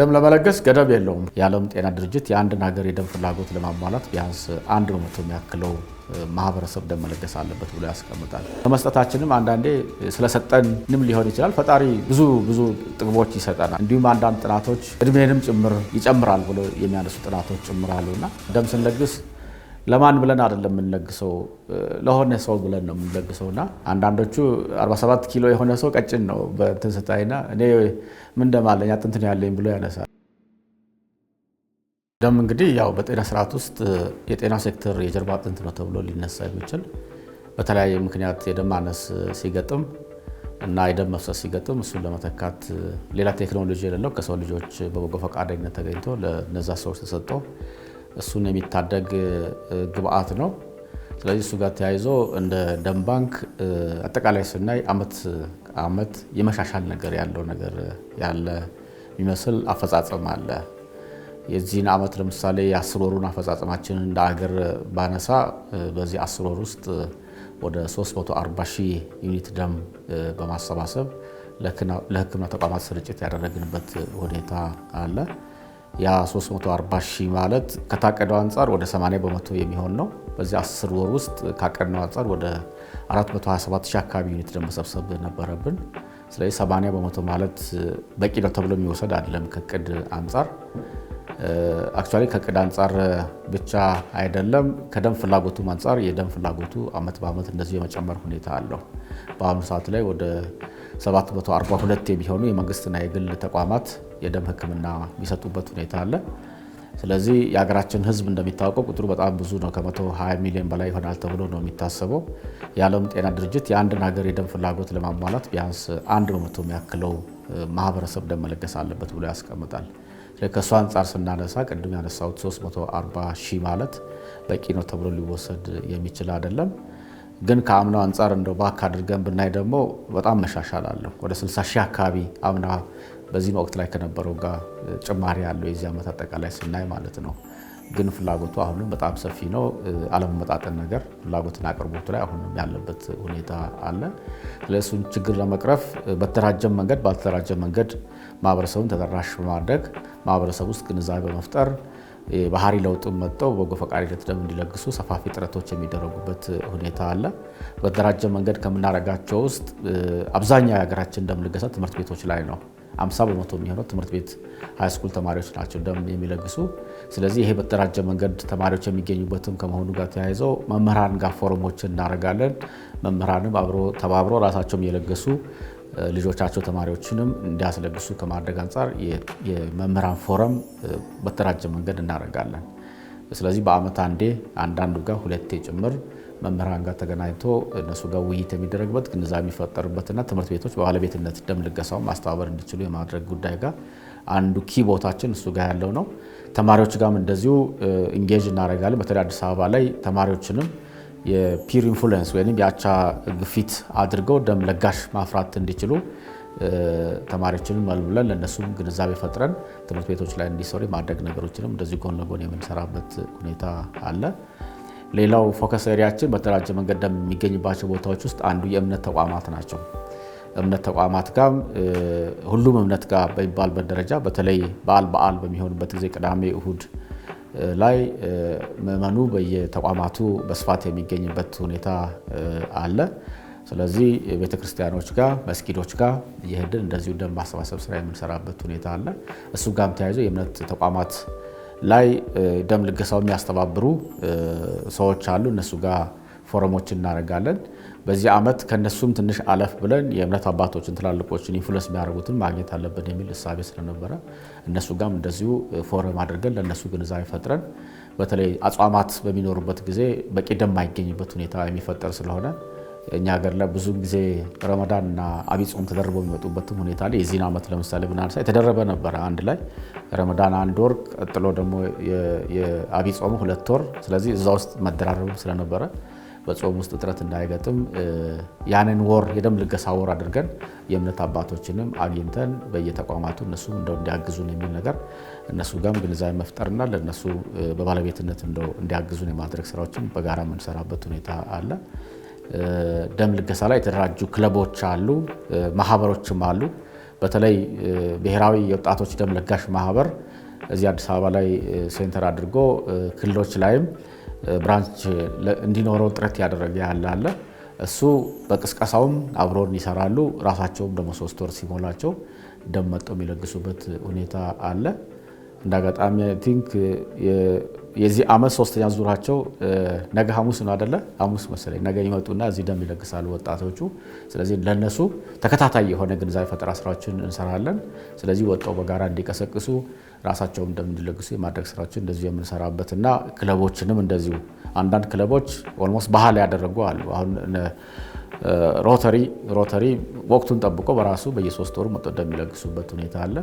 ደም ለመለገስ ገደብ የለውም። የዓለም ጤና ድርጅት የአንድን ሀገር የደም ፍላጎት ለማሟላት ቢያንስ አንድ በመቶ የሚያክለው ማህበረሰብ ደም መለገስ አለበት ብሎ ያስቀምጣል። በመስጠታችንም አንዳንዴ ስለሰጠንም ሊሆን ይችላል። ፈጣሪ ብዙ ብዙ ጥቅሞች ይሰጠናል። እንዲሁም አንዳንድ ጥናቶች እድሜንም ጭምር ይጨምራል ብሎ የሚያነሱ ጥናቶች ጭምራሉ እና ደም ስንለግስ ለማን ብለን አይደለም የምንለግሰው፣ ለሆነ ሰው ብለን ነው የምንለግሰው እና አንዳንዶቹ 47 ኪሎ የሆነ ሰው ቀጭን ነው በእንትን ስታይና እኔ ምን እንደማለኝ አጥንት ነው ያለኝ ብሎ ያነሳል። ደም እንግዲህ ያው በጤና ስርዓት ውስጥ የጤና ሴክተር የጀርባ አጥንት ነው ተብሎ ሊነሳ የሚችል በተለያየ ምክንያት የደም ማነስ ሲገጥም እና የደም መፍሰስ ሲገጥም እሱን ለመተካት ሌላ ቴክኖሎጂ የሌለው ከሰው ልጆች በበጎ ፈቃደኝነት ተገኝቶ ለነዛ ሰዎች ተሰጠው እሱን የሚታደግ ግብአት ነው። ስለዚህ እሱ ጋር ተያይዞ እንደ ደም ባንክ አጠቃላይ ስናይ አመት አመት የመሻሻል ነገር ያለው ነገር ያለ የሚመስል አፈጻጸም አለ። የዚህን አመት ለምሳሌ የአስር ወሩን አፈጻጸማችን እንደ አገር ባነሳ በዚህ አስር ወር ውስጥ ወደ 340 ሺህ ዩኒት ደም በማሰባሰብ ለሕክምና ተቋማት ስርጭት ያደረግንበት ሁኔታ አለ። ያ 340 ሺህ ማለት ከታቀደው አንጻር ወደ 80 በመቶ የሚሆን ነው። በዚህ 10 ወር ውስጥ ካቀድነው አንጻር ወደ 427 ሺህ አካባቢ ዩኒት ደግሞ መሰብሰብ ነበረብን። ስለዚህ 80 በመቶ ማለት በቂ ነው ተብሎ የሚወሰድ አይደለም። ከቅድ አንጻር አክቹዋሊ ከቅድ አንጻር ብቻ አይደለም፣ ከደም ፍላጎቱም አንጻር የደም ፍላጎቱ አመት በአመት እንደዚሁ የመጨመር ሁኔታ አለው። በአሁኑ ሰዓት ላይ ወደ 742 የሚሆኑ የመንግስትና የግል ተቋማት የደም ህክምና የሚሰጡበት ሁኔታ አለ። ስለዚህ የሀገራችን ህዝብ እንደሚታወቀው ቁጥሩ በጣም ብዙ ነው። ከ120 ሚሊዮን በላይ ይሆናል ተብሎ ነው የሚታሰበው። የዓለም ጤና ድርጅት የአንድን ሀገር የደም ፍላጎት ለማሟላት ቢያንስ አንድ በመቶ የሚያክለው ማህበረሰብ ደም መለገስ አለበት ብሎ ያስቀምጣል። ከእሱ አንጻር ስናነሳ ቅድም ያነሳሁት 340 ሺህ ማለት በቂ ነው ተብሎ ሊወሰድ የሚችል አይደለም። ግን ከአምናው አንጻር እንደው ባክ አድርገን ብናይ ደግሞ በጣም መሻሻል አለው። ወደ 60 ሺህ አካባቢ አምና በዚህ ወቅት ላይ ከነበረው ጋር ጭማሪ ያለው የዚህ ዓመት አጠቃላይ ስናይ ማለት ነው። ግን ፍላጎቱ አሁንም በጣም ሰፊ ነው። አለመመጣጠን ነገር ፍላጎትና አቅርቦቱ ላይ አሁንም ያለበት ሁኔታ አለ። ስለሱን ችግር ለመቅረፍ በተደራጀ መንገድ ባልተደራጀ መንገድ ማህበረሰቡን ተደራሽ በማድረግ ማህበረሰብ ውስጥ ግንዛቤ በመፍጠር የባህሪ ለውጥ መጠው በጎ ፈቃደኝነት ደም እንዲለግሱ ሰፋፊ ጥረቶች የሚደረጉበት ሁኔታ አለ። በተደራጀ መንገድ ከምናደርጋቸው ውስጥ አብዛኛው የሀገራችን ደም ልገሳ ትምህርት ቤቶች ላይ ነው። 50 በመቶ የሚሆነው ትምህርት ቤት ሃይስኩል ተማሪዎች ናቸው ደም የሚለግሱ። ስለዚህ ይሄ በተደራጀ መንገድ ተማሪዎች የሚገኙበትም ከመሆኑ ጋር ተያይዘው መምህራን ጋር ፎረሞችን እናደርጋለን። መምህራንም አብሮ ተባብሮ ራሳቸውም እየለገሱ ልጆቻቸው ተማሪዎችንም እንዲያስለግሱ ከማድረግ አንጻር የመምህራን ፎረም በተራጀ መንገድ እናደርጋለን። ስለዚህ በአመት አንዴ አንዳንዱ ጋር ሁለቴ ጭምር መምህራን ጋር ተገናኝቶ እነሱ ጋር ውይይት የሚደረግበት ግንዛቤ የሚፈጠርበትና ትምህርት ቤቶች በባለቤትነት ደም ልገሳውን ማስተባበር እንዲችሉ የማድረግ ጉዳይ ጋር አንዱ ኪ ቦታችን እሱ ጋር ያለው ነው። ተማሪዎች ጋርም እንደዚሁ እንጌጅ እናደርጋለን። በተለይ አዲስ አበባ ላይ ተማሪዎችንም የፒር ኢንፍሉዌንስ ወይም የአቻ ግፊት አድርገው ደም ለጋሽ ማፍራት እንዲችሉ ተማሪዎችንም መልምለን ለእነሱም ግንዛቤ ፈጥረን ትምህርት ቤቶች ላይ እንዲሰሩ የማድረግ ነገሮችንም እንደዚህ ጎን ለጎን የምንሰራበት ሁኔታ አለ። ሌላው ፎከስ ኤሪያችን በተደራጀ መንገድ ደም የሚገኝባቸው ቦታዎች ውስጥ አንዱ የእምነት ተቋማት ናቸው። እምነት ተቋማት ጋር ሁሉም እምነት ጋር በሚባልበት ደረጃ በተለይ በዓል በዓል በሚሆንበት ጊዜ ቅዳሜ፣ እሁድ ላይ ምዕመኑ በየተቋማቱ በስፋት የሚገኝበት ሁኔታ አለ። ስለዚህ ቤተ ክርስቲያኖች ጋር መስጊዶች ጋር የሄድን እንደዚሁ ደም ማሰባሰብ ስራ የምንሰራበት ሁኔታ አለ። እሱ ጋም ተያይዞ የእምነት ተቋማት ላይ ደም ልገሳው የሚያስተባብሩ ሰዎች አሉ። እነሱ ጋር ፎረሞች እናደርጋለን። በዚህ ዓመት ከነሱም ትንሽ አለፍ ብለን የእምነት አባቶችን ትላልቆችን ኢንፍሉንስ የሚያደርጉትን ማግኘት አለብን የሚል እሳቤ ስለነበረ እነሱ ጋም እንደዚሁ ፎረም አድርገን ለእነሱ ግንዛቤ ፈጥረን በተለይ አጽዋማት በሚኖሩበት ጊዜ በቂ ደም ማይገኝበት ሁኔታ የሚፈጠር ስለሆነ እኛ ሀገር ላይ ብዙ ጊዜ ረመዳን እና አብይ ጾም ተደርቦ የሚመጡበትም ሁኔታ ላይ የዚህን ዓመት ለምሳሌ ብናነሳ የተደረበ ነበረ። አንድ ላይ ረመዳን አንድ ወር ቀጥሎ ደግሞ የአብይ ሁለት ወር፣ ስለዚህ እዛ ውስጥ መደራረብም ስለነበረ በጾም ውስጥ እጥረት እንዳይገጥም ያንን ወር የደም ልገሳ ወር አድርገን የእምነት አባቶችንም አግኝተን በየተቋማቱ እነሱ እንደው እንዲያግዙን የሚል ነገር እነሱ ጋም ግንዛቤ መፍጠርና ለእነሱ በባለቤትነት እንደው እንዲያግዙን የማድረግ ስራዎችን በጋራ የምንሰራበት ሁኔታ አለ። ደም ልገሳ ላይ የተደራጁ ክለቦች አሉ፣ ማህበሮችም አሉ። በተለይ ብሔራዊ የወጣቶች ደም ለጋሽ ማህበር እዚህ አዲስ አበባ ላይ ሴንተር አድርጎ ክልሎች ላይም ብራንች እንዲኖረው ጥረት ያደረገ ያለ አለ። እሱ በቅስቀሳውም አብሮን ይሰራሉ። ራሳቸውም ደግሞ ሶስት ወር ሲሞላቸው ደም መጠው የሚለግሱበት ሁኔታ አለ። እንደ አጋጣሚ ቲንክ የዚህ አመት ሶስተኛ ዙራቸው ነገ ሐሙስ ነው አደለ? ሐሙስ መሰለኝ ነገ ይመጡና እዚህ ደም ይለግሳሉ ወጣቶቹ። ስለዚህ ለነሱ ተከታታይ የሆነ ግንዛቤ ፈጠራ ስራዎችን እንሰራለን። ስለዚህ ወጣው በጋራ እንዲቀሰቅሱ ራሳቸውን እንደሚለግሱ የማድረግ ስራችን እንደዚሁ የምንሰራበት እና ክለቦችንም እንደዚሁ አንዳንድ ክለቦች ኦልሞስት ባህል ያደረጉ አሉ። አሁን ሮተሪ ሮተሪ ወቅቱን ጠብቆ በራሱ በየሶስት ወሩ መጥቶ እንደሚለግሱበት ሁኔታ አለ።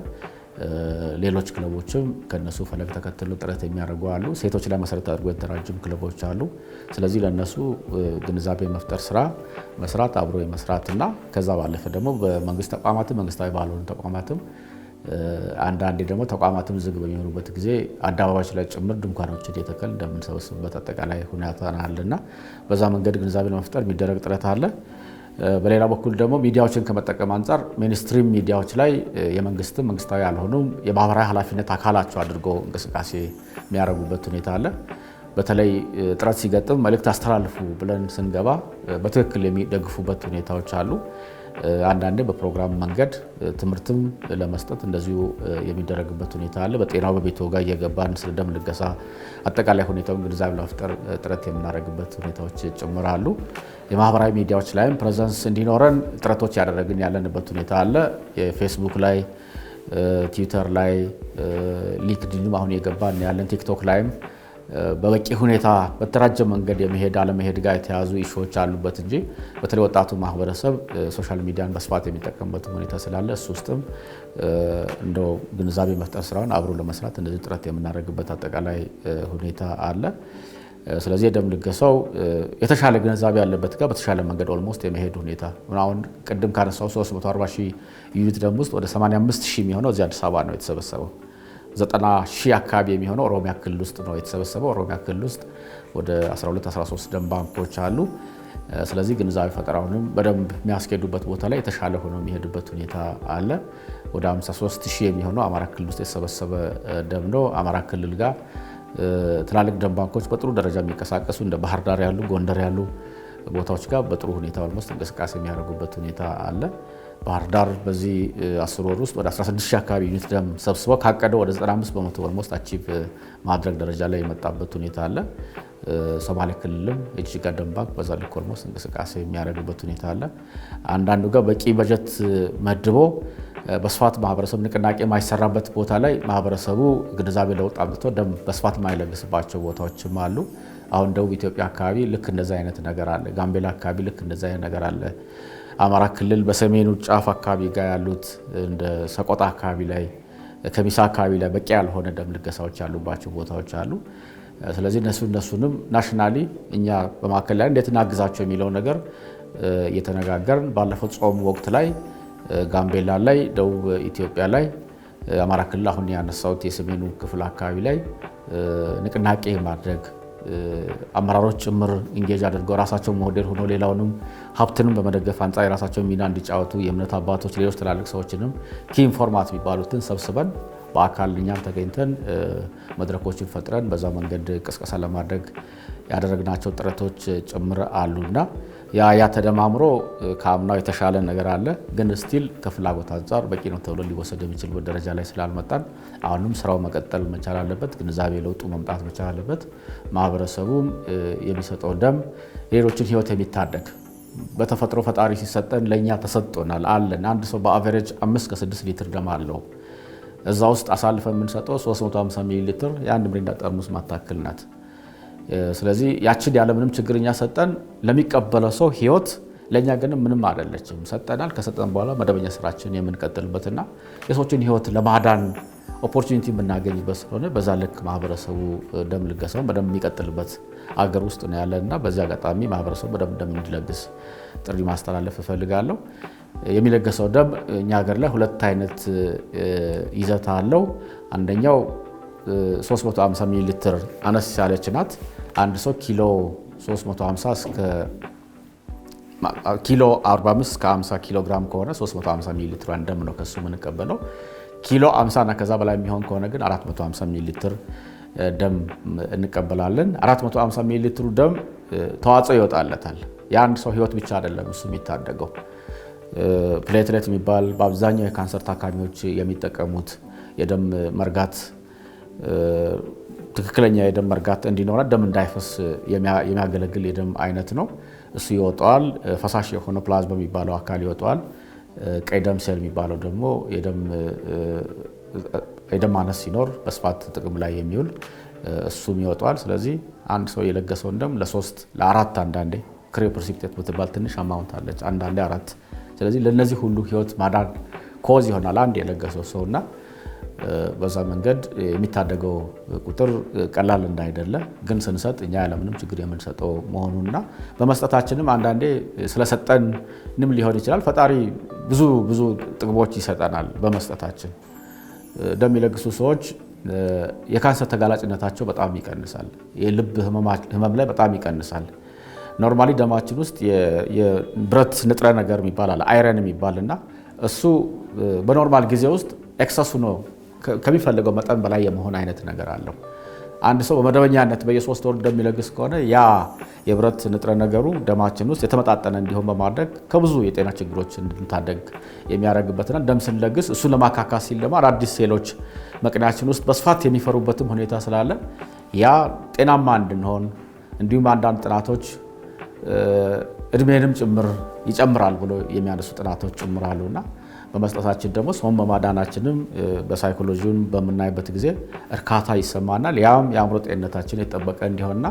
ሌሎች ክለቦችም ከነሱ ፈለግ ተከትሎ ጥረት የሚያደርጉ አሉ። ሴቶች ላይ መሰረት አድርጎ የተደራጁም ክለቦች አሉ። ስለዚህ ለእነሱ ግንዛቤ መፍጠር ስራ መስራት አብሮ የመስራትና ከዛ ባለፈ ደግሞ በመንግስት ተቋማትም መንግስታዊ ባልሆኑ ተቋማትም አንዳንዴ ደግሞ ተቋማትም ዝግ በሚሆኑበት ጊዜ አደባባዮች ላይ ጭምር ድንኳኖችን እየተከል እንደምንሰበስብበት አጠቃላይ ሁኔታ አለና በዛ መንገድ ግንዛቤ ለመፍጠር የሚደረግ ጥረት አለ። በሌላ በኩል ደግሞ ሚዲያዎችን ከመጠቀም አንጻር ሜንስትሪም ሚዲያዎች ላይ የመንግስትም መንግስታዊ ያልሆኑም የማህበራዊ ኃላፊነት አካላቸው አድርጎ እንቅስቃሴ የሚያደርጉበት ሁኔታ አለ። በተለይ ጥረት ሲገጥም መልእክት አስተላልፉ ብለን ስንገባ በትክክል የሚደግፉበት ሁኔታዎች አሉ። አንዳንዴ በፕሮግራም መንገድ ትምህርትም ለመስጠት እንደዚሁ የሚደረግበት ሁኔታ አለ። በጤናው በቤት ወጋ እየገባን ስለ ደም ልገሳ አጠቃላይ ሁኔታውን ግንዛቤ ለመፍጠር ጥረት የምናደርግበት ሁኔታዎች ጭምራሉ። የማህበራዊ ሚዲያዎች ላይም ፕሬዘንስ እንዲኖረን ጥረቶች ያደረግን ያለንበት ሁኔታ አለ። የፌስቡክ ላይ፣ ትዊተር ላይ፣ ሊንክድንም አሁን የገባን ያለን ቲክቶክ ላይም በበቂ ሁኔታ በተራጀ መንገድ የመሄድ አለመሄድ ጋር የተያዙ ኢሹዎች አሉበት እንጂ በተለይ ወጣቱ ማህበረሰብ ሶሻል ሚዲያን በስፋት የሚጠቀምበትም ሁኔታ ስላለ እሱ ውስጥም እንደ ግንዛቤ መፍጠር ስራውን አብሮ ለመስራት እንደዚህ ጥረት የምናደርግበት አጠቃላይ ሁኔታ አለ። ስለዚህ የደም ልገሳው የተሻለ ግንዛቤ ያለበት ጋር በተሻለ መንገድ ኦልሞስት የመሄድ ሁኔታ አሁን ቅድም ካነሳው 340 ዩኒት ደም ውስጥ ወደ 85 ሺህ የሚሆነው እዚህ አዲስ አበባ ነው የተሰበሰበው። ዘጠና ሺህ አካባቢ የሚሆነው ኦሮሚያ ክልል ውስጥ ነው የተሰበሰበው። ኦሮሚያ ክልል ውስጥ ወደ 12 13 ደም ባንኮች አሉ። ስለዚህ ግንዛቤ ፈጠራውንም በደንብ የሚያስኬዱበት ቦታ ላይ የተሻለ ሆኖ የሚሄዱበት ሁኔታ አለ። ወደ 53 ሺህ የሚሆነው አማራ ክልል ውስጥ የተሰበሰበ ደም ነው። አማራ ክልል ጋር ትላልቅ ደም ባንኮች በጥሩ ደረጃ የሚንቀሳቀሱ እንደ ባህር ዳር ያሉ፣ ጎንደር ያሉ ቦታዎች ጋር በጥሩ ሁኔታ ኦልሞስት እንቅስቃሴ የሚያደርጉበት ሁኔታ አለ። ባህር ዳር በዚህ አስር ወር ውስጥ ወደ 16 ሺህ አካባቢ ዩኒት ደም ሰብስበው ካቀደው ወደ 95 በመቶ ኦልሞስት አቺቭ ማድረግ ደረጃ ላይ የመጣበት ሁኔታ አለ። ሶማሌ ክልልም የጅጅጋ ደም ባንክ በዛ ልክ ኦልሞስት እንቅስቃሴ የሚያደርግበት ሁኔታ አለ። አንዳንዱ ጋር በቂ በጀት መድቦ በስፋት ማህበረሰብ ንቅናቄ የማይሰራበት ቦታ ላይ ማህበረሰቡ ግንዛቤ ለውጥ አምጥቶ ደም በስፋት የማይለግስባቸው ቦታዎችም አሉ። አሁን ደቡብ ኢትዮጵያ አካባቢ ልክ እንደዚ አይነት ነገር አለ። ጋምቤላ አካባቢ ልክ እንደዚ አይነት ነገር አለ። አማራ ክልል በሰሜኑ ጫፍ አካባቢ ጋር ያሉት እንደ ሰቆጣ አካባቢ ላይ ከሚሳ አካባቢ ላይ በቂ ያልሆነ ደም ልገሳዎች ያሉባቸው ቦታዎች አሉ። ስለዚህ እነሱ እነሱንም ናሽናሊ እኛ በማዕከል ላይ እንዴት እናግዛቸው የሚለው ነገር እየተነጋገርን ባለፈው ጾም ወቅት ላይ ጋምቤላ ላይ፣ ደቡብ ኢትዮጵያ ላይ፣ አማራ ክልል አሁን ያነሳሁት የሰሜኑ ክፍል አካባቢ ላይ ንቅናቄ ማድረግ አመራሮች ጭምር እንጌጅ አድርገው ራሳቸው ሞዴል ሆኖ ሌላውንም ሀብትንም በመደገፍ አንጻር የራሳቸው ሚና እንዲጫወቱ የእምነት አባቶች፣ ሌሎች ትላልቅ ሰዎችንም ኪን ፎርማት የሚባሉትን ሰብስበን በአካል እኛም ተገኝተን መድረኮችን ፈጥረን በዛ መንገድ ቅስቀሳ ለማድረግ ያደረግናቸው ጥረቶች ጭምር አሉና ያ ያ ተደማምሮ ከአምናው የተሻለ ነገር አለ። ግን ስቲል ከፍላጎት አንጻር በቂ ነው ተብሎ ሊወሰድ የሚችልበት ደረጃ ላይ ስላልመጣን አሁንም ስራው መቀጠል መቻል አለበት። ግንዛቤ ለውጡ መምጣት መቻል አለበት። ማህበረሰቡም የሚሰጠው ደም ሌሎችን ህይወት የሚታደግ በተፈጥሮ ፈጣሪ ሲሰጠን ለእኛ ተሰጥቶናል አለን። አንድ ሰው በአቨሬጅ አምስት ከስድስት ሊትር ደም አለው። እዛ ውስጥ አሳልፈ የምንሰጠው 350 ሚሊ ሊትር የአንድ ምሪንዳ ጠርሙስ ማታክል ናት። ስለዚህ ያችን ያለምንም ችግር እኛ ሰጠን ለሚቀበለው ሰው ህይወት ለእኛ ግን ምንም አይደለችም። ሰጠናል። ከሰጠን በኋላ መደበኛ ስራችን የምንቀጥልበትና የሰዎችን ህይወት ለማዳን ኦፖርቹኒቲ የምናገኝበት ስለሆነ በዛ ልክ ማህበረሰቡ ደም ልገሰው በደ የሚቀጥልበት አገር ውስጥ ነው ያለን እና በዚህ አጋጣሚ ማህበረሰቡ በደንብ ደም እንዲለግስ ጥሪ ማስተላለፍ እፈልጋለሁ። የሚለገሰው ደም እኛ ሀገር ላይ ሁለት አይነት ይዘት አለው። አንደኛው 350 ሚሊ ሊትር አነስ ያለች ናት። አንድ ሰው ኪሎ 350 እስከ ኪሎ 45 እስከ 50 ኪሎ ግራም ከሆነ 350 ሚሊ ሊትር ደም ነው ከሱ የምንቀበለው። ኪሎ 50 እና ከዛ በላይ የሚሆን ከሆነ ግን 450 ሚሊ ሊትር ደም እንቀበላለን። 450 ሚሊ ሊትሩ ደም ተዋጽኦ ይወጣለታል። የአንድ ሰው ህይወት ብቻ አይደለም እሱ የሚታደገው ፕሌትሌት የሚባል በአብዛኛው የካንሰር ታካሚዎች የሚጠቀሙት የደም መርጋት ትክክለኛ የደም መርጋት እንዲኖረ ደም እንዳይፈስ የሚያገለግል የደም አይነት ነው። እሱ ይወጣዋል። ፈሳሽ የሆነ ፕላዝማ የሚባለው አካል ይወጣዋል። ቀይ ደም ሴል የሚባለው ደግሞ የደም ማነስ ሲኖር በስፋት ጥቅም ላይ የሚውል እሱም ይወጣዋል። ስለዚህ አንድ ሰው የለገሰውን ደም ለሶስት ለአራት አንዳንዴ ክሪዮፕሪሲፒቴት ምትባል ትንሽ አማውንት አለች፣ አንዳንዴ አራት። ስለዚህ ለእነዚህ ሁሉ ህይወት ማዳን ኮዝ ይሆናል አንድ የለገሰው ሰውና በዛ መንገድ የሚታደገው ቁጥር ቀላል እንዳይደለ ግን ስንሰጥ እኛ ያለምንም ችግር የምንሰጠው መሆኑና በመስጠታችንም አንዳንዴ ስለሰጠንም ሊሆን ይችላል። ፈጣሪ ብዙ ብዙ ጥቅሞች ይሰጠናል በመስጠታችን። ደም ሰዎች የካንሰር ተጋላጭነታቸው በጣም ይቀንሳል። የልብ ህመም ላይ በጣም ይቀንሳል። ኖርማሊ ደማችን ውስጥ የብረት ንጥረ ነገር የሚባል አለ አይረን የሚባል እና እሱ በኖርማል ጊዜ ውስጥ ኤክሰሱ ነው ከሚፈልገው መጠን በላይ የመሆን አይነት ነገር አለው። አንድ ሰው በመደበኛነት በየሶስት ወር እንደሚለግስ የሚለግስ ከሆነ ያ የብረት ንጥረ ነገሩ ደማችን ውስጥ የተመጣጠነ እንዲሆን በማድረግ ከብዙ የጤና ችግሮች እንድንታደግ የሚያደርግበትና ደም ስንለግስ እሱን ለማካካስ ሲል ደግሞ አዳዲስ ሴሎች መቅኒያችን ውስጥ በስፋት የሚፈሩበትም ሁኔታ ስላለ ያ ጤናማ እንድንሆን እንዲሁም አንዳንድ ጥናቶች እድሜንም ጭምር ይጨምራል ብሎ የሚያነሱ ጥናቶች ጭምራሉና በመስጠታችን ደግሞ ሰውን በማዳናችንም በሳይኮሎጂውን በምናይበት ጊዜ እርካታ ይሰማናል። ያም የአእምሮ ጤንነታችን የጠበቀ እንዲሆንና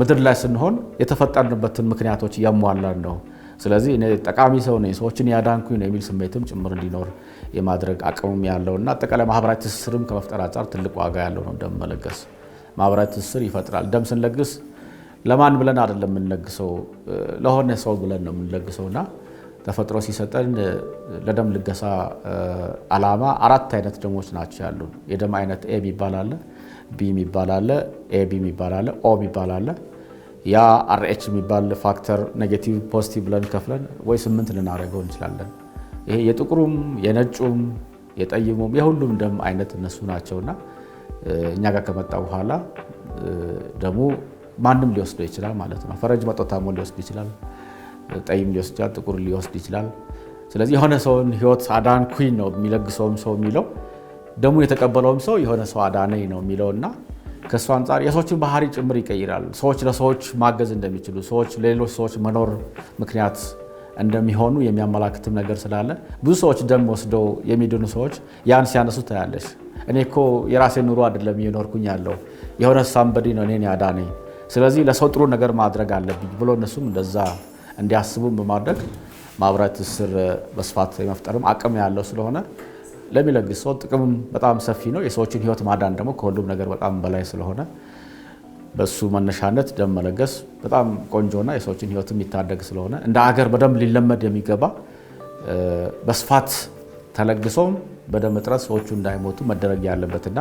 ምድር ላይ ስንሆን የተፈጠርንበትን ምክንያቶች እያሟላን ነው። ስለዚህ እኔ ጠቃሚ ሰው ነኝ፣ ሰዎችን ያዳንኩኝ ነው የሚል ስሜትም ጭምር እንዲኖር የማድረግ አቅምም እና አጠቃላይ ማህበራዊ ትስስርም ከመፍጠር አንጻር ትልቅ ዋጋ ያለው ነው። ደም መለገስ ማህበራዊ ትስስር ይፈጥራል። ደም ስንለግስ ለማን ብለን አይደለም የምንለግሰው፣ ለሆነ ሰው ብለን ነው የምንለግሰውና ተፈጥሮ ሲሰጠን ለደም ልገሳ አላማ አራት አይነት ደሞች ናቸው ያሉ። የደም አይነት ኤ የሚባል አለ፣ ቢ የሚባል አለ፣ ኤ ቢ የሚባል አለ፣ ኦ የሚባል አለ። ያ አርኤች የሚባል ፋክተር ኔጌቲቭ ፖዚቲቭ ብለን ከፍለን ወይ ስምንት ልናደርገው እንችላለን። ይሄ የጥቁሩም የነጩም የጠይሙም የሁሉም ደም አይነት እነሱ ናቸውና እኛ ጋር ከመጣ በኋላ ደሙ ማንም ሊወስደው ይችላል ማለት ነው። ፈረጅ መጦታሞ ሊወስድ ይችላል። ጠይም ሊወስድ ይችላል፣ ጥቁር ሊወስድ ይችላል። ስለዚህ የሆነ ሰውን ህይወት አዳን አዳንኩኝ ነው የሚለግሰውም ሰው የሚለው ደሙን የተቀበለውም ሰው የሆነ ሰው አዳነኝ ነው የሚለው እና ከእሱ አንጻር የሰዎችን ባህሪ ጭምር ይቀይራል። ሰዎች ለሰዎች ማገዝ እንደሚችሉ ሰዎች ለሌሎች ሰዎች መኖር ምክንያት እንደሚሆኑ የሚያመላክትም ነገር ስላለ ብዙ ሰዎች ደም ወስደው የሚድኑ ሰዎች ያን ሲያነሱ ታያለች። እኔ እኮ የራሴ ኑሮ አይደለም እየኖርኩኝ ያለው የሆነ ሳምበዲ ነው እኔን ያዳነኝ፣ ስለዚህ ለሰው ጥሩ ነገር ማድረግ አለብኝ ብሎ እነሱም እንደዛ እንዲያስቡም በማድረግ ማህበራዊ ትስስር በስፋት የመፍጠርም አቅም ያለው ስለሆነ ለሚለግስ ሰው ጥቅምም በጣም ሰፊ ነው። የሰዎችን ህይወት ማዳን ደግሞ ከሁሉም ነገር በጣም በላይ ስለሆነ በሱ መነሻነት ደም መለገስ በጣም ቆንጆና የሰዎችን ህይወት የሚታደግ ስለሆነ እንደ አገር በደንብ ሊለመድ የሚገባ በስፋት ተለግሶም በደም እጥረት ሰዎቹ እንዳይሞቱ መደረግ ያለበትና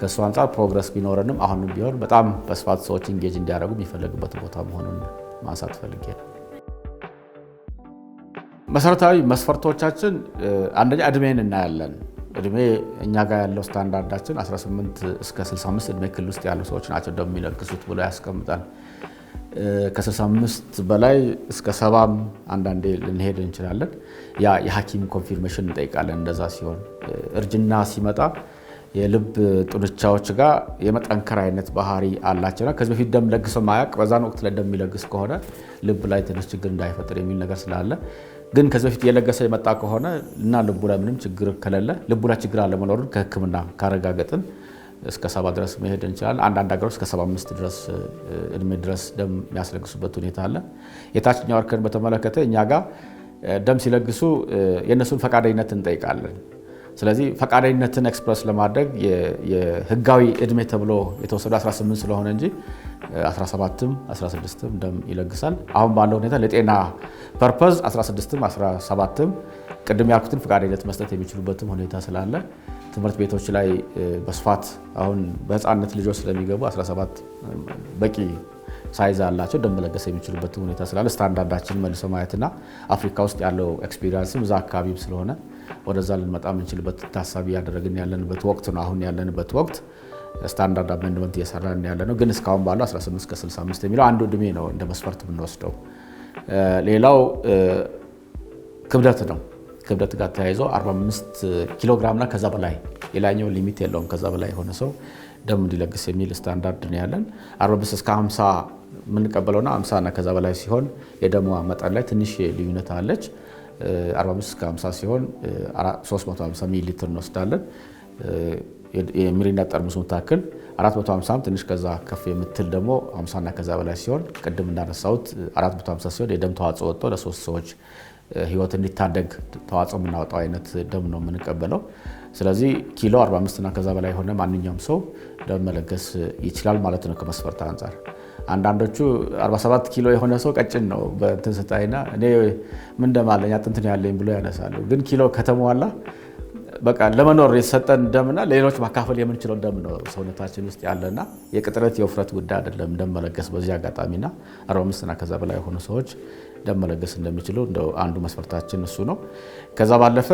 ከእሱ አንጻር ፕሮግረስ ቢኖረንም አሁንም ቢሆን በጣም በስፋት ሰዎች ኢንጌጅ እንዲያደርጉ የሚፈለግበት ቦታ መሆኑን ማንሳት ፈልጌ ነው። መሰረታዊ መስፈርቶቻችን አንደኛ እድሜን እናያለን። እድሜ እኛ ጋር ያለው ስታንዳርዳችን 18 እስከ 65 እድሜ ክልል ውስጥ ያሉ ሰዎች ናቸው እንደሚለግሱት ብሎ ያስቀምጣል። ከ65 በላይ እስከ ሰባም አንዳንዴ ልንሄድ እንችላለን። ያ የሐኪም ኮንፊርሜሽን እንጠይቃለን። እንደዛ ሲሆን እርጅና ሲመጣ የልብ ጡንቻዎች ጋር የመጠንከር አይነት ባህሪ አላቸውና ከዚህ በፊት ደም ለግሰው ማያቅ በዛን ወቅት ላይ ደም ከሆነ ልብ ላይ ትንሽ ችግር እንዳይፈጥር የሚል ነገር ስላለ ግን ከዚህ በፊት እየለገሰ የመጣ ከሆነ እና ልቡ ላይ ምንም ችግር ከሌለ ልቡ ላይ ችግር አለመኖሩን ከሕክምና ካረጋገጥን እስከ ሰባ ድረስ መሄድ እንችላለን። አንዳንድ ሀገሮች እስከ ሰባ አምስት ድረስ እድሜ ድረስ ደም የሚያስለግሱበት ሁኔታ አለ። የታችኛው እርከን በተመለከተ እኛ ጋር ደም ሲለግሱ የእነሱን ፈቃደኝነት እንጠይቃለን። ስለዚህ ፈቃደኝነትን ኤክስፕረስ ለማድረግ የህጋዊ እድሜ ተብሎ የተወሰደ 18 ስለሆነ እንጂ 17ም 16ም ደም ይለግሳል። አሁን ባለው ሁኔታ ለጤና ፐርፐዝ 16ም 17ም ቅድም ያልኩትን ፈቃደኝነት መስጠት የሚችሉበትም ሁኔታ ስላለ ትምህርት ቤቶች ላይ በስፋት አሁን በህፃነት ልጆች ስለሚገቡ 17 በቂ ሳይዝ አላቸው ደም መለገስ የሚችሉበትም ሁኔታ ስላለ ስታንዳርዳችን መልሶ ማየትና አፍሪካ ውስጥ ያለው ኤክስፒሪንስም እዛ አካባቢም ስለሆነ ወደዛ ልንመጣ ምንችልበት ታሳቢ እያደረግን ያለንበት ወቅት ነው። አሁን ያለንበት ወቅት ስታንዳርድ አመንድመንት እየሰራን ያለ ነው። ግን እስካሁን ባለው 18 65 የሚለው አንዱ እድሜ ነው እንደ መስፈርት የምንወስደው። ሌላው ክብደት ነው። ክብደት ጋር ተያይዞ 45 ኪሎ እና ከዛ በላይ ሌላኛው ሊሚት የለውም። ከዛ በላይ የሆነ ሰው ደም እንዲለግስ የሚል ስታንዳርድ ነው ያለን። 45 እስከ 50 የምንቀበለውና 50 እና ከዛ በላይ ሲሆን የደሟ መጠን ላይ ትንሽ ልዩነት አለች። 45 እስከ 50 ሲሆን 350 ሚሊ ሊትር እንወስዳለን። የሚሪንዳ ጠርሙስ ምታክል 450 ትንሽ ከዛ ከፍ የምትል ደግሞ 50ና ከዛ በላይ ሲሆን ቅድም እንዳነሳሁት 450 ሲሆን የደም ተዋጽኦ ወጥቶ ለሶስት ሰዎች ህይወት እንዲታደግ ተዋጽኦ የምናወጣው አይነት ደም ነው የምንቀበለው። ስለዚህ ኪሎ 45ና ከዛ በላይ የሆነ ማንኛውም ሰው ደም መለገስ ይችላል ማለት ነው ከመስፈርት አንጻር። አንዳንዶቹ 47 ኪሎ የሆነ ሰው ቀጭን ነው በእንትን ስታይና እኔ ምን እንደማለኝ አጥንት ነው ያለኝ ብሎ ያነሳሉ። ግን ኪሎ ከተሟላ በቃ ለመኖር የተሰጠን ደምና ሌሎች ማካፈል የምንችለው ደም ነው ሰውነታችን ውስጥ ያለና የቅጥረት የውፍረት ጉዳይ አይደለም። ደም መለገስ በዚህ አጋጣሚና 45ና ከዛ በላይ የሆኑ ሰዎች ደም መለገስ እንደሚችሉ እንደው አንዱ መስፈርታችን እሱ ነው። ከዛ ባለፈ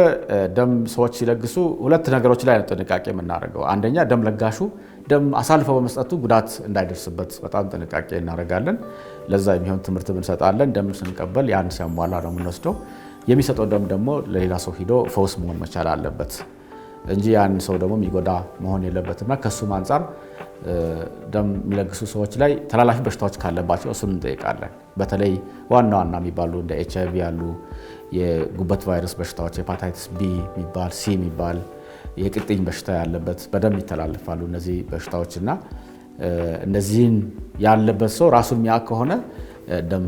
ደም ሰዎች ሲለግሱ ሁለት ነገሮች ላይ ነው ጥንቃቄ የምናደርገው። አንደኛ ደም ለጋሹ ደም አሳልፎ በመስጠቱ ጉዳት እንዳይደርስበት በጣም ጥንቃቄ እናደርጋለን። ለዛ የሚሆን ትምህርት እንሰጣለን። ደም ስንቀበል ያን ሲያሟላ ነው የምንወስደው። የሚሰጠው ደም ደግሞ ለሌላ ሰው ሂዶ ፈውስ መሆን መቻል አለበት እንጂ ያን ሰው ደግሞ የሚጎዳ መሆን የለበትና ከሱም አንጻር ደም የሚለግሱ ሰዎች ላይ ተላላፊ በሽታዎች ካለባቸው እሱን እንጠይቃለን። በተለይ ዋና ዋና የሚባሉ እንደ ኤች አይቪ ያሉ የጉበት ቫይረስ በሽታዎች፣ ሄፓታይትስ ቢ የሚባል ሲ የሚባል የቅጥኝ በሽታ ያለበት በደም ይተላለፋሉ እነዚህ በሽታዎች እና እነዚህን ያለበት ሰው ራሱን ሚያ ከሆነ ደም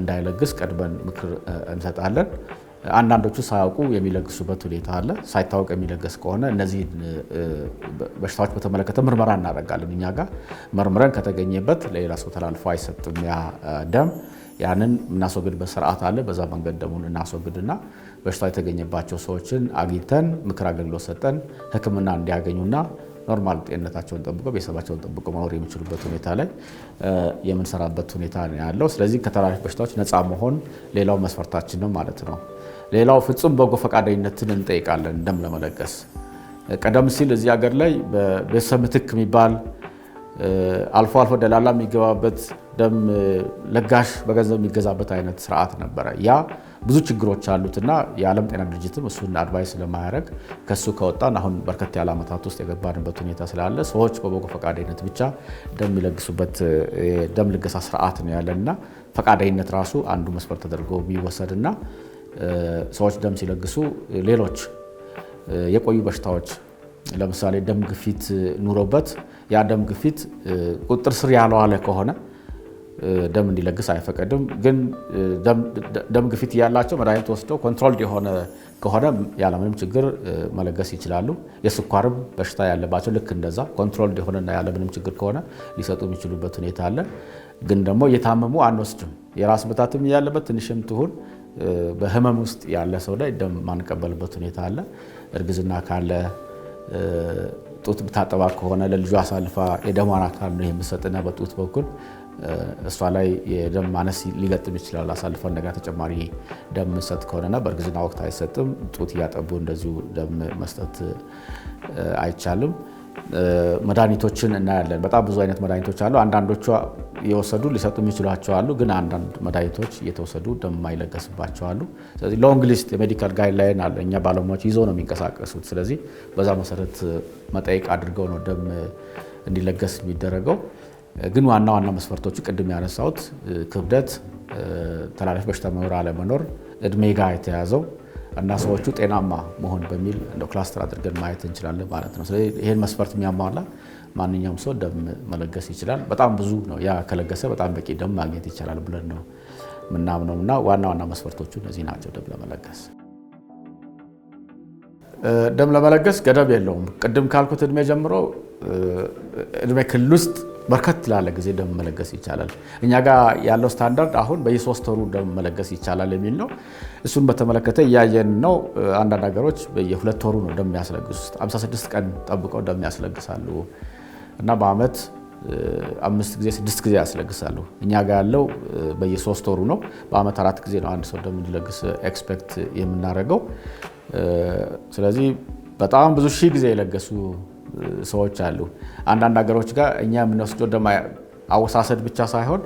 እንዳይለግስ ቀድመን ምክር እንሰጣለን። አንዳንዶቹ ሳያውቁ የሚለግሱበት ሁኔታ አለ። ሳይታወቅ የሚለገስ ከሆነ እነዚህ በሽታዎች በተመለከተ ምርመራ እናደርጋለን። እኛ ጋር መርምረን ከተገኘበት ለሌላ ሰው ተላልፎ አይሰጥም ያ ደም። ያንን እናስወግድ ስርዓት አለ። በዛ መንገድ ደሙን እናስወግድና በሽታ የተገኘባቸው ሰዎችን አግኝተን ምክር አገልግሎት ሰጠን ሕክምና እንዲያገኙና ኖርማል ጤንነታቸውን ጠብቀው ቤተሰባቸውን ጠብቀው መኖር የሚችሉበት ሁኔታ ላይ የምንሰራበት ሁኔታ ያለው። ስለዚህ ከተላላፊ በሽታዎች ነፃ መሆን ሌላው መስፈርታችን ነው ማለት ነው። ሌላው ፍጹም በጎ ፈቃደኝነትን እንጠይቃለን ደም ለመለገስ። ቀደም ሲል እዚህ ሀገር ላይ በቤተሰብ ምትክ የሚባል አልፎ አልፎ ደላላ የሚገባበት ደም ለጋሽ በገንዘብ የሚገዛበት አይነት ስርዓት ነበረ። ያ ብዙ ችግሮች አሉትና የዓለም ጤና ድርጅትም እሱን አድቫይስ ለማያደረግ ከሱ ከወጣን አሁን በርከት ያለ ዓመታት ውስጥ የገባንበት ሁኔታ ስላለ ሰዎች በበጎ ፈቃደኝነት ብቻ ደም የሚለግሱበት ደም ልገሳ ስርዓት ነው ያለንና ፈቃደኝነት ራሱ አንዱ መስመር ተደርጎ የሚወሰድና ሰዎች ደም ሲለግሱ ሌሎች የቆዩ በሽታዎች ለምሳሌ ደም ግፊት ኑሮበት ያ ደም ግፊት ቁጥር ስር ያለዋለ ከሆነ ደም እንዲለግስ አይፈቀድም። ግን ደም ግፊት እያላቸው መድኃኒት ወስደው ኮንትሮልድ የሆነ ከሆነ ያለምንም ችግር መለገስ ይችላሉ። የስኳርም በሽታ ያለባቸው ልክ እንደዛ ኮንትሮልድ የሆነና ያለምንም ችግር ከሆነ ሊሰጡ የሚችሉበት ሁኔታ አለ። ግን ደግሞ እየታመሙ አንወስድም። የራስ ምታትም ያለበት ትንሽም ትሁን በህመም ውስጥ ያለ ሰው ላይ ደም ማንቀበልበት ሁኔታ አለ። እርግዝና ካለ ጡት ብታጠባ ከሆነ ለልጇ አሳልፋ የደሟን አካል ነው የምሰጥና በጡት በኩል እሷ ላይ የደም ማነስ ሊገጥም ይችላል። አሳልፈ እንደገና ተጨማሪ ደም ምንሰጥ ከሆነና በእርግዝና ወቅት አይሰጥም። ጡት እያጠቡ እንደዚሁ ደም መስጠት አይቻልም። መድኃኒቶችን እናያለን። በጣም ብዙ አይነት መድኃኒቶች አሉ። አንዳንዶቹ የወሰዱ ሊሰጡ የሚችሏቸው አሉ፣ ግን አንዳንድ መድኃኒቶች እየተወሰዱ ደም የማይለገስባቸው አሉ። ስለዚህ ሎንግ ሊስት የሜዲካል ጋይድላይን አለ። እኛ ባለሙያዎች ይዘው ነው የሚንቀሳቀሱት። ስለዚህ በዛ መሰረት መጠየቅ አድርገው ነው ደም እንዲለገስ የሚደረገው። ግን ዋና ዋና መስፈርቶቹ ቅድም ያነሳሁት ክብደት፣ ተላላፊ በሽታ መኖር አለመኖር፣ እድሜ ጋር የተያዘው እና ሰዎቹ ጤናማ መሆን በሚል እንደ ክላስተር አድርገን ማየት እንችላለን ማለት ነው። ስለዚህ ይህን መስፈርት የሚያሟላ ማንኛውም ሰው ደም መለገስ ይችላል። በጣም ብዙ ነው። ያ ከለገሰ በጣም በቂ ደም ማግኘት ይቻላል ብለን ነው ምናምነው እና ዋና ዋና መስፈርቶቹ እነዚህ ናቸው። ደም ለመለገስ ደም ለመለገስ ገደብ የለውም። ቅድም ካልኩት እድሜ ጀምሮ እድሜ ክልል ውስጥ በርከት ላለ ጊዜ ደም መለገስ ይቻላል። እኛ ጋር ያለው ስታንዳርድ አሁን በየሶስት ወሩ ደም መለገስ ይቻላል የሚል ነው። እሱን በተመለከተ እያየን ነው። አንዳንድ ሀገሮች በየሁለት ወሩ ነው ደም ያስለግሱት። 56 ቀን ጠብቀው ደም ያስለግሳሉ እና በአመት አምስት ጊዜ ስድስት ጊዜ ያስለግሳሉ። እኛ ጋር ያለው በየሶስት ወሩ ነው። በአመት አራት ጊዜ ነው አንድ ሰው ደም እንዲለግስ ኤክስፔክት የምናደርገው። ስለዚህ በጣም ብዙ ሺህ ጊዜ የለገሱ ሰዎች አሉ። አንዳንድ ሀገሮች ጋር እኛ የምንወስደው ደም አወሳሰድ ብቻ ሳይሆን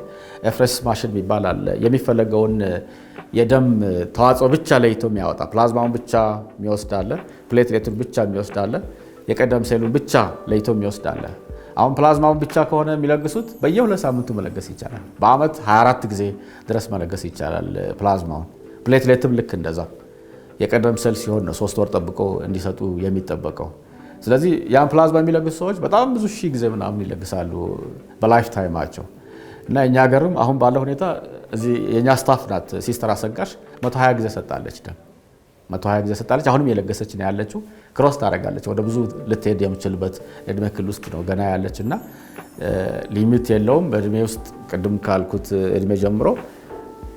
ኤፍሬስ ማሽን የሚባል አለ። የሚፈለገውን የደም ተዋጽኦ ብቻ ለይቶ የሚያወጣ ፕላዝማውን ብቻ የሚወስዳለ፣ ፕሌትሌቱን ብቻ የሚወስዳለ፣ የቀደም ሴሉን ብቻ ለይቶ የሚወስዳለ። አሁን ፕላዝማውን ብቻ ከሆነ የሚለግሱት በየሁለት ሳምንቱ መለገስ ይቻላል። በአመት 24 ጊዜ ድረስ መለገስ ይቻላል ፕላዝማውን። ፕሌትሌትም ልክ እንደዛ የቀደም ሴል ሲሆን ነው ሶስት ወር ጠብቆ እንዲሰጡ የሚጠበቀው። ስለዚህ ያን ፕላዝማ የሚለግሱ ሰዎች በጣም ብዙ ሺህ ጊዜ ምናምን ይለግሳሉ በላይፍ ታይማቸው እና እኛ ሀገርም አሁን ባለ ሁኔታ እዚህ የእኛ ስታፍ ናት ሲስተር አሰጋሽ መቶ ጊዜ ሰጣለች ደም መቶ ጊዜ ሰጣለች። አሁንም የለገሰች ነው ያለችው። ክሮስ ታደርጋለች ወደ ብዙ ልትሄድ የምችልበት እድሜ ክል ውስጥ ነው ገና ያለች እና ሊሚት የለውም። በእድሜ ውስጥ ቅድም ካልኩት እድሜ ጀምሮ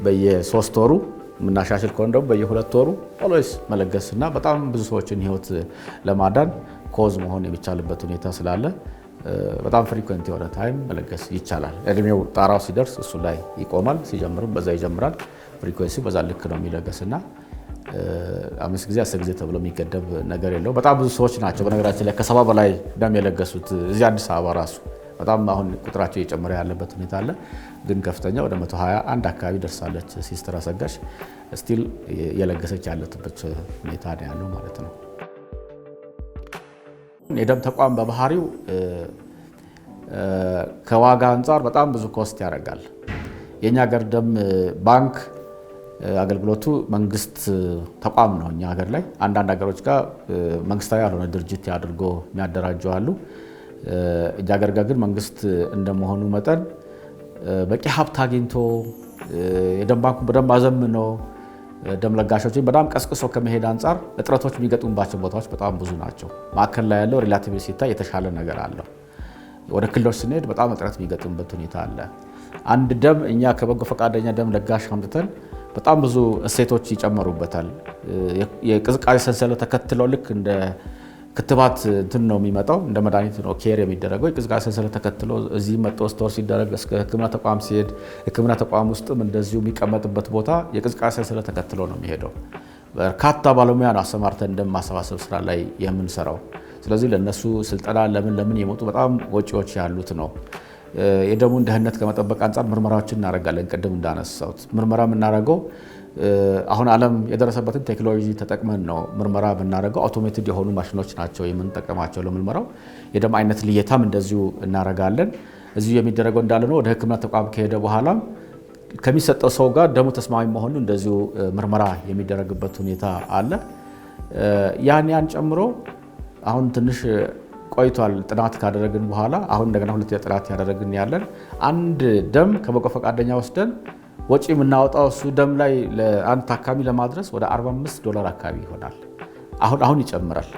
በየሶስት ወሩ የምናሻሽል ከሆነ ደግሞ በየሁለት ወሩ ኦልዌይስ መለገስ እና በጣም ብዙ ሰዎችን ህይወት ለማዳን ኮዝ መሆን የሚቻልበት ሁኔታ ስላለ በጣም ፍሪኩዌንት የሆነ ታይም መለገስ ይቻላል። እድሜው ጣራው ሲደርስ እሱ ላይ ይቆማል፣ ሲጀምርም በዛ ይጀምራል። ፍሪኩዌንሲ በዛ ልክ ነው የሚለገስ እና አምስት ጊዜ አስር ጊዜ ተብሎ የሚገደብ ነገር የለው። በጣም ብዙ ሰዎች ናቸው በነገራችን ላይ ከሰባ በላይ ደም የለገሱት እዚህ አዲስ አበባ ራሱ በጣም አሁን ቁጥራቸው እየጨመረ ያለበት ሁኔታ አለ። ግን ከፍተኛ ወደ 121 አካባቢ ደርሳለች ሲስተር አሰጋሽ ስቲል የለገሰች ያለትበት ሁኔታ ነው ያለው ማለት ነው። የደም ተቋም በባህሪው ከዋጋ አንጻር በጣም ብዙ ኮስት ያደርጋል። የእኛ ሀገር ደም ባንክ አገልግሎቱ መንግስት ተቋም ነው። እኛ ሀገር ላይ አንዳንድ ሀገሮች ጋር መንግስታዊ ያልሆነ ድርጅት አድርጎ የሚያደራጁ አሉ። እኛ ሀገር ጋር ግን መንግስት እንደመሆኑ መጠን በቂ ሀብት አግኝቶ የደም ባንኩ በደንብ አዘምነው ደም ለጋሾች በጣም ቀስቅሶ ከመሄድ አንጻር እጥረቶች የሚገጥሙባቸው ቦታዎች በጣም ብዙ ናቸው። ማዕከል ላይ ያለው ሪላቲቭ ሲታይ የተሻለ ነገር አለው። ወደ ክልሎች ስንሄድ በጣም እጥረት የሚገጥምበት ሁኔታ አለ። አንድ ደም እኛ ከበጎ ፈቃደኛ ደም ለጋሽ አምጥተን በጣም ብዙ እሴቶች ይጨመሩበታል። የቅዝቃዜ ሰንሰለት ተከትለው ልክ እንደ ክትባት እንትን ነው የሚመጣው እንደ መድኃኒት ነው ኬር የሚደረገው የቅዝቃሴ ስለ ተከትሎ እዚህ መጥቶ ስቶር ሲደረግ እስከ ህክምና ተቋም ሲሄድ ህክምና ተቋም ውስጥም እንደዚሁ የሚቀመጥበት ቦታ የቅዝቃሴ ስለ ተከትሎ ነው የሚሄደው። በርካታ ባለሙያ ነው አሰማርተን እንደማሰባሰብ ስራ ላይ የምንሰራው። ስለዚህ ለእነሱ ስልጠና ለምን ለምን የመጡ በጣም ወጪዎች ያሉት ነው። የደሙን ደህንነት ከመጠበቅ አንጻር ምርመራዎችን እናደርጋለን። ቅድም እንዳነሳሁት ምርመራ የምናደርገው አሁን ዓለም የደረሰበትን ቴክኖሎጂ ተጠቅመን ነው ምርመራ የምናደርገው። አውቶሜትድ የሆኑ ማሽኖች ናቸው የምንጠቀማቸው ለምርመራው። የደም አይነት ልየታም እንደዚሁ እናደርጋለን። እዚሁ የሚደረገው እንዳለ ነው። ወደ ሕክምና ተቋም ከሄደ በኋላ ከሚሰጠው ሰው ጋር ደሙ ተስማሚ መሆኑ እንደዚሁ ምርመራ የሚደረግበት ሁኔታ አለ። ያን ያን ጨምሮ አሁን ትንሽ ቆይቷል ጥናት ካደረግን በኋላ አሁን እንደገና ሁለት ጥናት ያደረግን ያለን አንድ ደም ከበጎ ፈቃደኛ ወስደን ወጪ የምናወጣው እሱ ደም ላይ ለአንድ ታካሚ ለማድረስ ወደ 45 ዶላር አካባቢ ይሆናል። አሁን አሁን ይጨምራል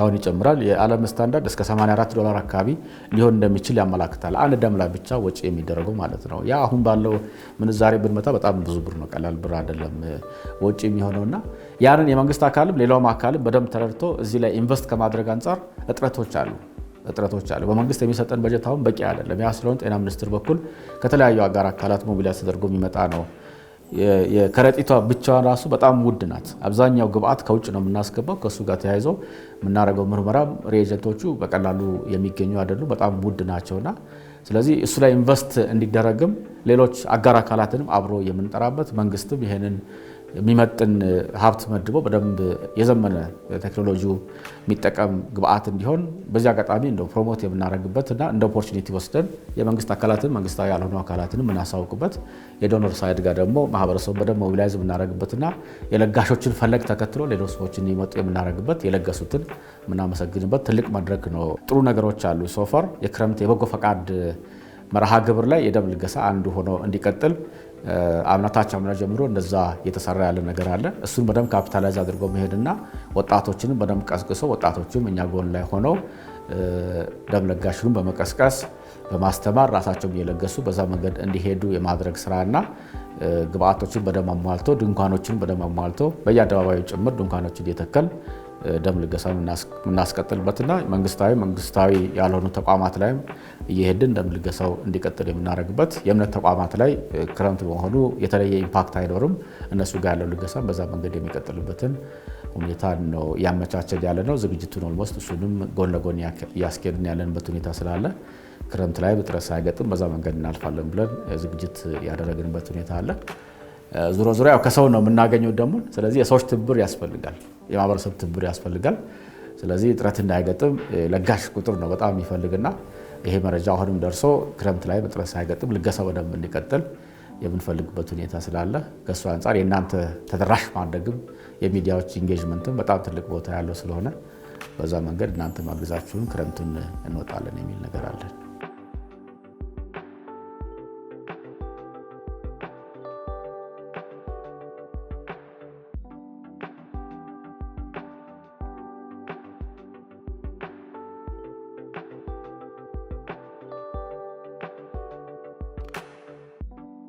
አሁን ይጨምራል። የዓለም ስታንዳርድ እስከ 84 ዶላር አካባቢ ሊሆን እንደሚችል ያመላክታል። አንድ ደም ላይ ብቻ ወጪ የሚደረገው ማለት ነው። ያ አሁን ባለው ምንዛሬ ብንመታ በጣም ብዙ ብር ነው። ቀላል ብር አይደለም ወጪ እና ያንን የመንግስት አካልም ሌላውም አካልም በደንብ ተረድቶ እዚህ ላይ ኢንቨስት ከማድረግ አንጻር እጥረቶች አሉ። እጥረቶች አሉ። በመንግስት የሚሰጠን በጀት አሁን በቂ አይደለም። ያ ስለሆን ጤና ሚኒስቴር በኩል ከተለያዩ አጋር አካላት ሞቢላይዝ ተደርጎ የሚመጣ ነው። ከረጢቷ ብቻዋን ራሱ በጣም ውድ ናት። አብዛኛው ግብአት ከውጭ ነው የምናስገባው። ከእሱ ጋር ተያይዞ የምናደርገው ምርመራ ሪኤጀንቶቹ በቀላሉ የሚገኙ አይደሉም፣ በጣም ውድ ናቸውና ስለዚህ እሱ ላይ ኢንቨስት እንዲደረግም ሌሎች አጋር አካላትንም አብሮ የምንጠራበት መንግስትም ይህንን የሚመጥን ሀብት መድቦ በደንብ የዘመነ ቴክኖሎጂ የሚጠቀም ግብአት እንዲሆን በዚህ አጋጣሚ እንደ ፕሮሞት የምናደርግበት እና እንደ ኦፖርቹኒቲ ወስደን የመንግስት አካላትን መንግስታዊ ያልሆኑ አካላትን የምናሳውቅበት የዶኖር ሳይድ ጋር ደግሞ ማህበረሰቡ በደንብ ሞቢላይዝ እና የለጋሾችን ፈለግ ተከትሎ ሌሎች ሰዎች እንዲመጡ የምናደርግበት የለገሱትን የምናመሰግንበት ትልቅ መድረክ ነው። ጥሩ ነገሮች አሉ። ሶፈር የክረምት የበጎ ፈቃድ መርሃ ግብር ላይ የደም ልገሳ አንዱ ሆኖ እንዲቀጥል አምናታች አምና ጀምሮ እንደዛ እየተሰራ ያለ ነገር አለ። እሱን በደንብ ካፒታላይዝ አድርጎ መሄድና ወጣቶችንም በደንብ ቀስቅሶ ወጣቶችም እኛ ጎን ላይ ሆነው ደም ለጋሹን በመቀስቀስ በማስተማር ራሳቸውም እየለገሱ በዛ መንገድ እንዲሄዱ የማድረግ ስራና ግብአቶችን በደንብ አሟልቶ ድንኳኖችን በደንብ አሟልቶ በየአደባባዩ ጭምር ድንኳኖችን እየተከል ደም ልገሳ የምናስቀጥልበትና መንግስታዊ መንግስታዊ ያልሆኑ ተቋማት ላይም እየሄድን ደም ልገሳው እንዲቀጥል የምናደርግበት የእምነት ተቋማት ላይ ክረምት በመሆኑ የተለየ ኢምፓክት አይኖርም። እነሱ ጋር ያለው ልገሳ በዛ መንገድ የሚቀጥልበትን ሁኔታ ነው እያመቻቸን ያለ ነው። ዝግጅቱን ኦልሞስት እሱንም ጎን ለጎን እያስኬድን ያለንበት ሁኔታ ስላለ ክረምት ላይ ብጥረት ሳይገጥም በዛ መንገድ እናልፋለን ብለን ዝግጅት ያደረግንበት ሁኔታ አለ። ዙሮ ዙሮ ያው ከሰው ነው የምናገኘው ደግሞ። ስለዚህ የሰዎች ትብብር ያስፈልጋል፣ የማህበረሰብ ትብብር ያስፈልጋል። ስለዚህ እጥረት እንዳይገጥም ለጋሽ ቁጥር ነው በጣም የሚፈልግና ይሄ መረጃ አሁንም ደርሶ ክረምት ላይ እጥረት ሳይገጥም ልገሳ በደንብ እንዲቀጥል የምንፈልግበት ሁኔታ ስላለ ከእሱ አንጻር የእናንተ ተደራሽ ማድረግም የሚዲያዎች ኢንጌጅመንትም በጣም ትልቅ ቦታ ያለው ስለሆነ በዛ መንገድ እናንተ ማግዛችሁን ክረምቱን እንወጣለን የሚል ነገር አለን።